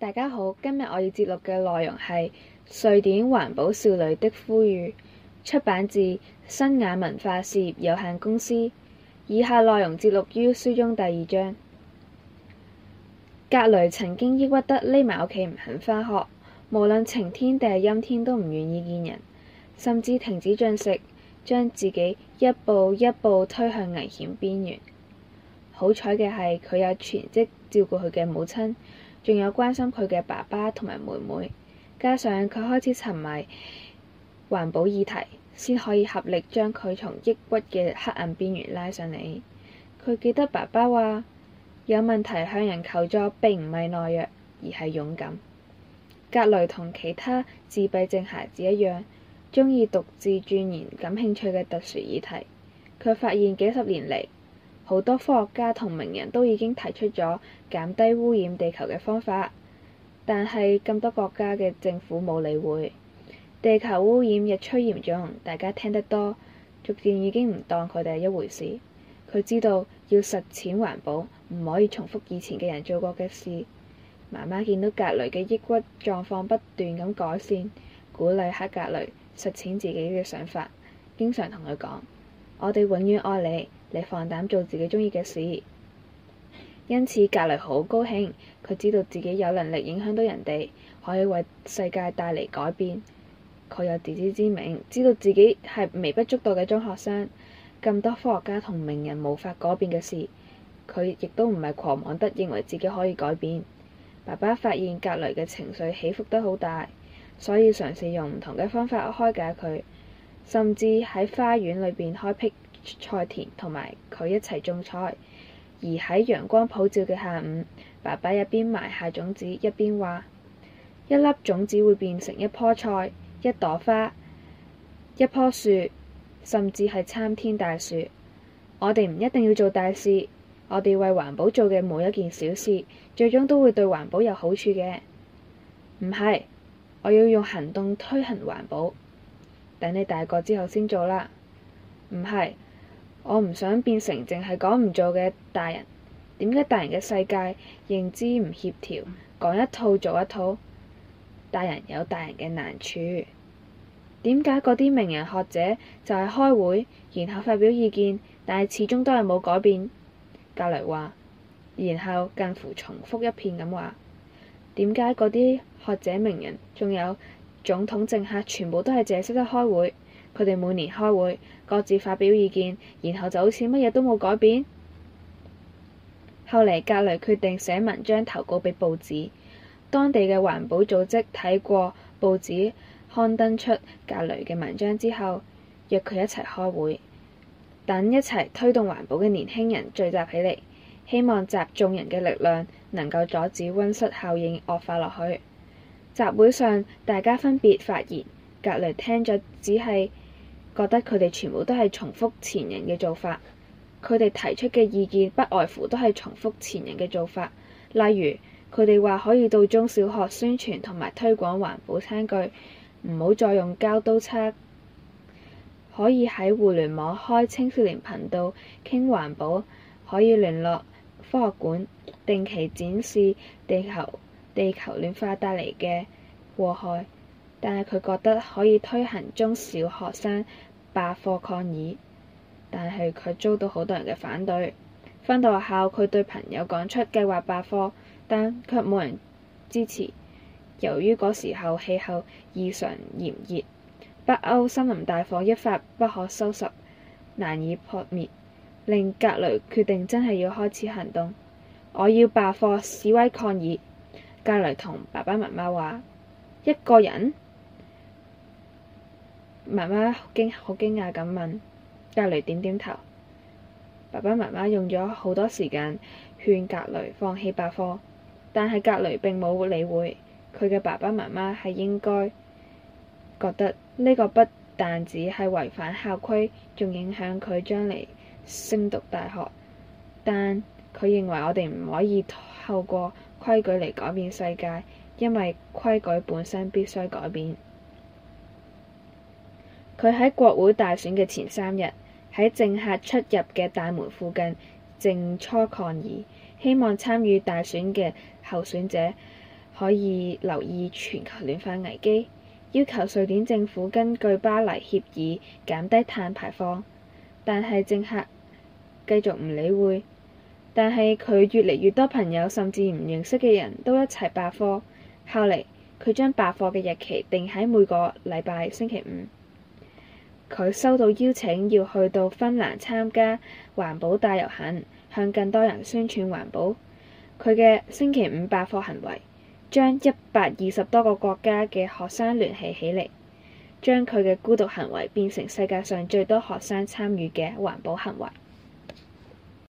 大家好，今日我要節錄嘅內容係《瑞典環保少女的呼籲》，出版自新雅文化事業有限公司。以下內容節錄於書中第二章。格雷曾經抑鬱得匿埋屋企唔肯返學，無論晴天定係陰天都唔願意見人，甚至停止進食，將自己一步一步推向危險邊緣。好彩嘅係，佢有全職照顧佢嘅母親。仲有關心佢嘅爸爸同埋妹妹，加上佢開始沉迷環保議題，先可以合力將佢從抑鬱嘅黑暗邊緣拉上嚟。佢記得爸爸話：有問題向人求助並唔係懦弱，而係勇敢。格雷同其他自閉症孩子一樣，鍾意獨自鑽研感興趣嘅特殊議題，佢發現幾十年嚟，好多科學家同名人都已經提出咗減低污染地球嘅方法，但係咁多國家嘅政府冇理會，地球污染日趨嚴重，大家聽得多，逐漸已經唔當佢哋係一回事。佢知道要實踐環保，唔可以重複以前嘅人做過嘅事。媽媽見到格雷嘅抑鬱狀況不斷咁改善，鼓勵黑格雷實踐自己嘅想法，經常同佢講：我哋永遠愛你。你放膽做自己中意嘅事，因此格雷好高興，佢知道自己有能力影響到人哋，可以為世界帶嚟改變。佢有自知之明，知道自己係微不足道嘅中學生，咁多科學家同名人無法改變嘅事，佢亦都唔係狂妄得認為自己可以改變。爸爸發現格雷嘅情緒起伏得好大，所以嘗試用唔同嘅方法開解佢，甚至喺花園裏邊開闢菜田同埋佢一齊種菜，而喺陽光普照嘅下午，爸爸一邊埋下種子，一邊話：一粒種子會變成一棵菜、一朵花、一棵樹，甚至係參天大樹。我哋唔一定要做大事，我哋為環保做嘅每一件小事，最終都會對環保有好處嘅。唔係，我要用行動推行環保。等你大個之後先做啦。唔係。我唔想變成淨係講唔做嘅大人，點解大人嘅世界認知唔協調，講一套做一套？大人有大人嘅難處，點解嗰啲名人學者就係開會，然後發表意見，但係始終都係冇改變？格雷話，然後近乎重複一遍咁話，點解嗰啲學者名人，仲有總統政客，全部都係淨係識得開會？佢哋每年開會，各自發表意見，然後就好似乜嘢都冇改變。後嚟格雷決定寫文章投稿俾報紙，當地嘅環保組織睇過報紙刊登出格雷嘅文章之後，約佢一齊開會，等一齊推動環保嘅年輕人聚集起嚟，希望集眾人嘅力量能夠阻止温室效應惡化落去。集會上大家分別發言，格雷聽咗，只係覺得佢哋全部都係重複前人嘅做法，佢哋提出嘅意見不外乎都係重複前人嘅做法。例如，佢哋話可以到中小學宣傳同埋推廣環保餐具，唔好再用膠刀叉；可以喺互聯網開青少年頻道傾環保；可以聯絡科學館定期展示地球地球暖化帶嚟嘅禍害。但係佢覺得可以推行中小學生罷課抗議，但係佢遭到好多人嘅反對。返到學校，佢對朋友講出計劃罷課，但卻冇人支持。由於嗰時候氣候異常炎熱，北歐森林大火一發不可收拾，難以撲滅，令格雷決定真係要開始行動。我要罷課示威抗議。格雷同爸爸媽媽話：一個人。媽媽好驚好驚訝咁問，格雷點點頭。爸爸媽媽用咗好多時間勸格雷放棄百科，但係格雷並冇理會。佢嘅爸爸媽媽係應該覺得呢個不但止係違反校規，仲影響佢將嚟升讀大學。但佢認為我哋唔可以透過規矩嚟改變世界，因為規矩本身必須改變。佢喺國會大選嘅前三日，喺政客出入嘅大門附近靜坐抗議，希望參與大選嘅候選者可以留意全球暖化危機，要求瑞典政府根據巴黎協議減低碳排放。但係政客繼續唔理會，但係佢越嚟越多朋友，甚至唔認識嘅人都一齊罷課。後嚟佢將罷課嘅日期定喺每個禮拜星期五。佢收到邀請要去到芬蘭參加環保大遊行，向更多人宣傳環保。佢嘅星期五罷課行為，將一百二十多個國家嘅學生聯繫起嚟，將佢嘅孤獨行為變成世界上最多學生參與嘅環保行為。